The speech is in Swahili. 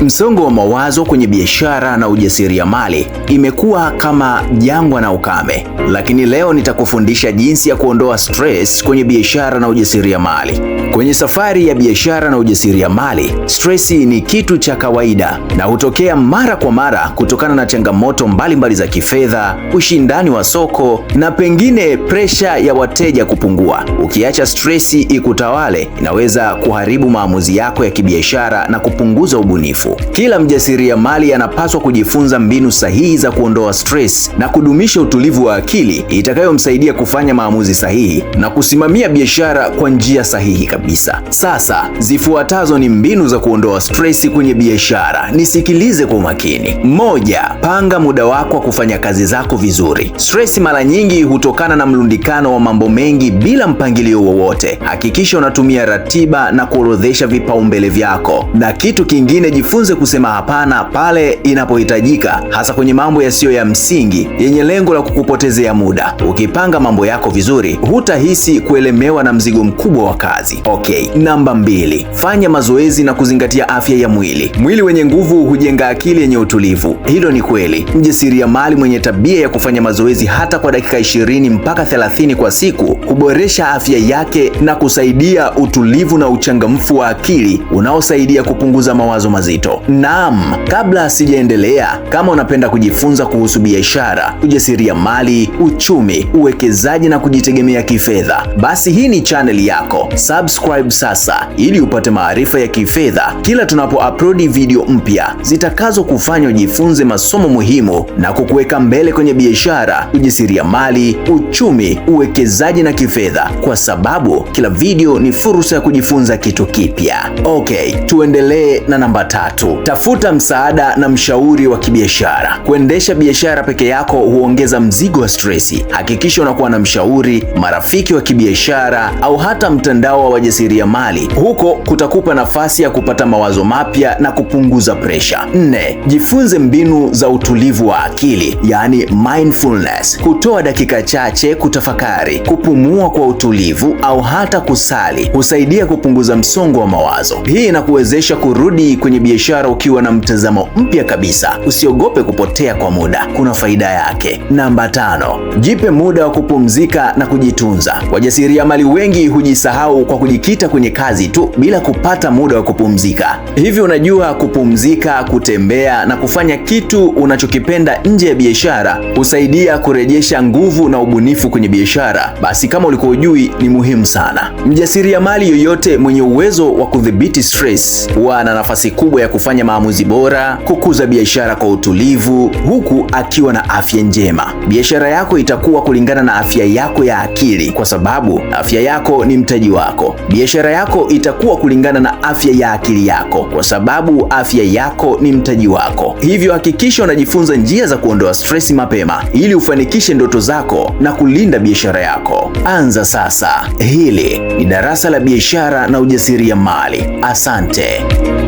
Msongo wa mawazo kwenye biashara na ujasiriamali imekuwa kama jangwa na ukame, lakini leo nitakufundisha jinsi ya kuondoa stress kwenye biashara na ujasiriamali. Kwenye safari ya biashara na ujasiriamali, stresi ni kitu cha kawaida na hutokea mara kwa mara kutokana na changamoto mbalimbali mbali za kifedha, ushindani wa soko na pengine presha ya wateja kupungua. Ukiacha stresi ikutawale, inaweza kuharibu maamuzi yako ya kibiashara na kupunguza ubunifu. Kila mjasiriamali anapaswa kujifunza mbinu sahihi za kuondoa stress na kudumisha utulivu wa akili itakayomsaidia kufanya maamuzi sahihi na kusimamia biashara kwa njia sahihi kabisa kabisa. Sasa zifuatazo ni mbinu za kuondoa stresi kwenye biashara, nisikilize kwa umakini. Moja, panga muda wako wa kufanya kazi zako vizuri. Stresi mara nyingi hutokana na mlundikano wa mambo mengi bila mpangilio wowote. Hakikisha unatumia ratiba na kuorodhesha vipaumbele vyako. Na kitu kingine, jifunze kusema hapana pale inapohitajika, hasa kwenye mambo yasiyo ya msingi yenye lengo la kukupotezea muda. Ukipanga mambo yako vizuri, hutahisi kuelemewa na mzigo mkubwa wa kazi. Okay, namba mbili, fanya mazoezi na kuzingatia afya ya mwili. Mwili wenye nguvu hujenga akili yenye utulivu. Hilo ni kweli. Mjasiriamali mwenye tabia ya kufanya mazoezi hata kwa dakika 20 mpaka 30 kwa siku huboresha afya yake na kusaidia utulivu na uchangamfu wa akili unaosaidia kupunguza mawazo mazito. Naam, kabla sijaendelea, kama unapenda kujifunza kuhusu biashara, ujasiriamali, uchumi, uwekezaji na kujitegemea kifedha, basi hii ni chaneli yako. Subscribe subscribe sasa ili upate maarifa ya kifedha kila tunapo upload video mpya zitakazo kufanya ujifunze masomo muhimu na kukuweka mbele kwenye biashara, ujasiriamali, uchumi, uwekezaji na kifedha, kwa sababu kila video ni fursa ya kujifunza kitu kipya. Okay, tuendelee na namba tatu, tafuta msaada na mshauri wa kibiashara. Kuendesha biashara peke yako huongeza mzigo wa stresi. Hakikisha unakuwa na mshauri, marafiki wa kibiashara au hata mtandao wa ujasiriamali. Huko kutakupa nafasi ya kupata mawazo mapya na kupunguza presha. Nne, jifunze mbinu za utulivu wa akili, yani mindfulness, kutoa dakika chache kutafakari, kupumua kwa utulivu au hata kusali husaidia kupunguza msongo wa mawazo. Hii inakuwezesha kurudi kwenye biashara ukiwa na mtazamo mpya kabisa. Usiogope kupotea kwa muda, kuna faida yake. Namba tano, jipe muda wa kupumzika na kujitunza. Wajasiriamali wengi hujisahau kwa kuji kujikita kwenye kazi tu bila kupata muda wa kupumzika. hivi unajua, kupumzika, kutembea na kufanya kitu unachokipenda nje ya biashara husaidia kurejesha nguvu na ubunifu kwenye biashara. Basi kama ulikuwa ujui, ni muhimu sana. Mjasiriamali yoyote mwenye uwezo wa kudhibiti stress huwa na nafasi kubwa ya kufanya maamuzi bora, kukuza biashara kwa utulivu, huku akiwa na afya njema. Biashara yako itakuwa kulingana na afya yako ya akili, kwa sababu afya yako ni mtaji wako. Biashara yako itakuwa kulingana na afya ya akili yako, kwa sababu afya yako ni mtaji wako. Hivyo hakikisha unajifunza njia za kuondoa stresi mapema ili ufanikishe ndoto zako na kulinda biashara yako. Anza sasa. Hili ni darasa la biashara na ujasiriamali. Asante.